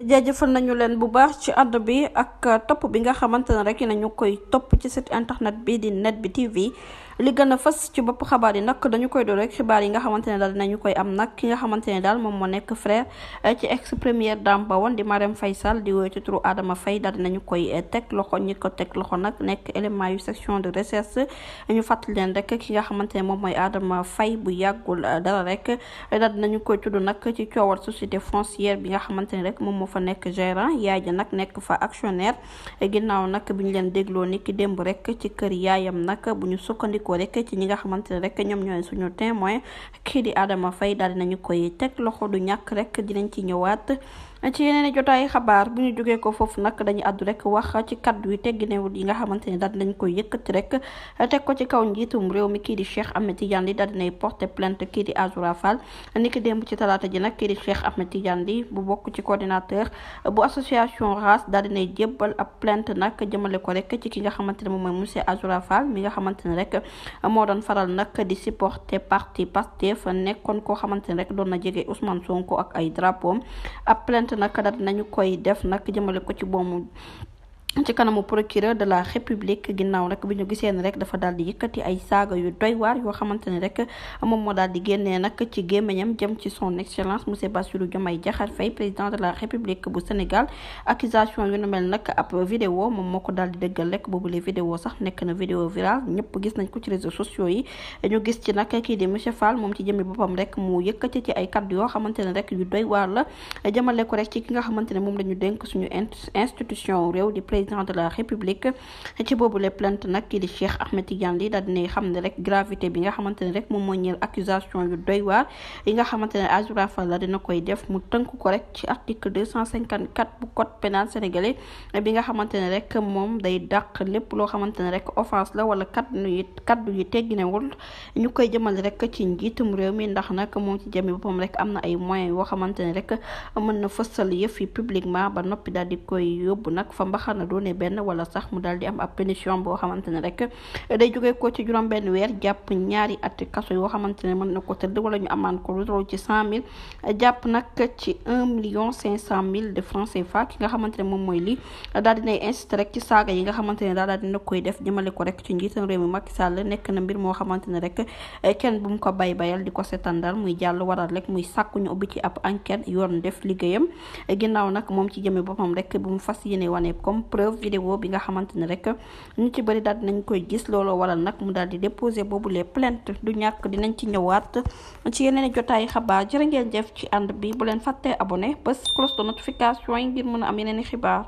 jëfal nañu leen bu baax ci àdd bi ak euh, topp bi nga xamante ne rek nañu koy topp ci site internet bi di net bi TV li gën a fës ci bopp xabaar yi nag dañu koy door rek xibaar yi nga xamante ne daal dinañu koy am nag ki nga xamante ne daal moom moo nekk frère euh, ci ex première dame ba woon di Marème Faye Sall di woy ci turu Adama Faye daal nañu koy euh, teg loxo ñi ko teg loxo nag nekk élément yu section de recherche ñu fàttali leen rek ki nga xamante ne moom mooy Adama Faye bu yàggul dara rek daal dinañu koy tudd nag ci coowal société foncière bi nga xamante ne rek moom fa nekk gérant yaay ja nag nekk fa actionnaire ginnaaw nag bi ñu leen dégloo ni ki démb rek ci kër yaayam nag bu ñu sukkandikoo rekk ci ñi nga xamante ne rek ñoom ñooy suñu témoin kii di Adama fay daal nañu koy teg loxo du ñàkk rek dinañ ci ñëwaat ci yeneen jotaayu xabaar bu ñu jógee ko foofu nag dañu àddu rek wax ci kaddu yi tegginewul yi nga xamante ne daal lañ koy yëkkati rek teg ko ci kaw njiitum réew mi kii di Cheikh Ahmed Tidiane li daal dinay porté plainte kii di Azoura Fall ni ki ci talaata ji nag kii di Cheikh Ahmed Tidiane li bu bokk ci coordinateur bu association RAS daal dinay jébbal ab plainte nag jëmale ko rek ci ki nga xamante ne moom mooy monsieur Azoura mi nga xamante ne rek moo doon faral nag di supporter parti Pastef nekkoon koo xamante ne rek doon na jege Ousmane Sonko ak ay drapeau xamante nag daal nañu koy def nag jëmale ko ci boomu ci kanamu procureur de la république ginnaaw rek bi ñu gisee ni rek dafa daal di yëkkati ay saaga yu doy waar yoo xamante ni rek moom moo daal di génnee nag ci gémmiñam jëm ci son excellence monsieur Bassirou Diomaye Diakhar Faye président de la république bu Sénégal accusation yu nu mel nag ab vidéo moom moo ko daal di dëggal rek boobule vidéo sax nekk na vidéo viral ñëpp gis nañ ko ci réseaux sociaux yi ñu gis ci nag kii di monsieur Fall moom ci jëmmi boppam rek mu yëkkati ci ay kàddu yoo xamante ne rek yu doy waar la ko rek ci ki nga xamante ne moom la ñu dénk suñu institution réew di président de la république ci boobu le plainte nag kii di Cheikh Ahmed Tidiane li daal dinay xam ne rek gravité bi nga xamante rek la dina koy def mu tënk ko rek ci article bu code pénal sénégalais bi nga xamante rek moom day dàq lépp loo xamante rek offense la wala kaddu yi kaddu yi tegginewul ñu koy jëmale rek ci njiitum réew mi ndax nag moom ci jëmi boppam rek am na ay moyens yoo xamante ne rek mën na fësal yëf yi publiquement ba noppi daal di koy yóbbu nag fa mbaxana doone benn wala mu daal di am ab pénition boo xamante ne rek day jógee ko ci juróom benn weer jàpp ñaari at kaso yoo xamante ne mën na ko tëdd wala ñu amaan ko lu toll ci cent mille jàpp nag ci un million cinq cent mille de francs CFA ki nga xamante ne moom mooy lii daal dinay insisté rek ci saaga yi nga xamante ne daal daal dina koy def jëmale ko rek ci njiitam réew mi Macky nekk na mbir moo xamante ne rek kenn bu mu ko bay bayal di ko setan setandal muy jàll waral rek muy sàkku ñu ubbi ci ab enquête yoon def liggéeyam ginnaaw nag moom ci jëme boppam rek bu mu fas yéene preuve vidéo bi nga xamante ni rek ñu ci bëri daal dinañ koy gis loolo wala nag mu daal di déposer boobu les plaintes du ñàkk dinañ ci ñëwaat ci yeneen jotaay xabaar jërë ngeen jëf ci ànd bi bu leen fàttee abonné bés cloche de notification yi ngir mën a am yeneen i xibaar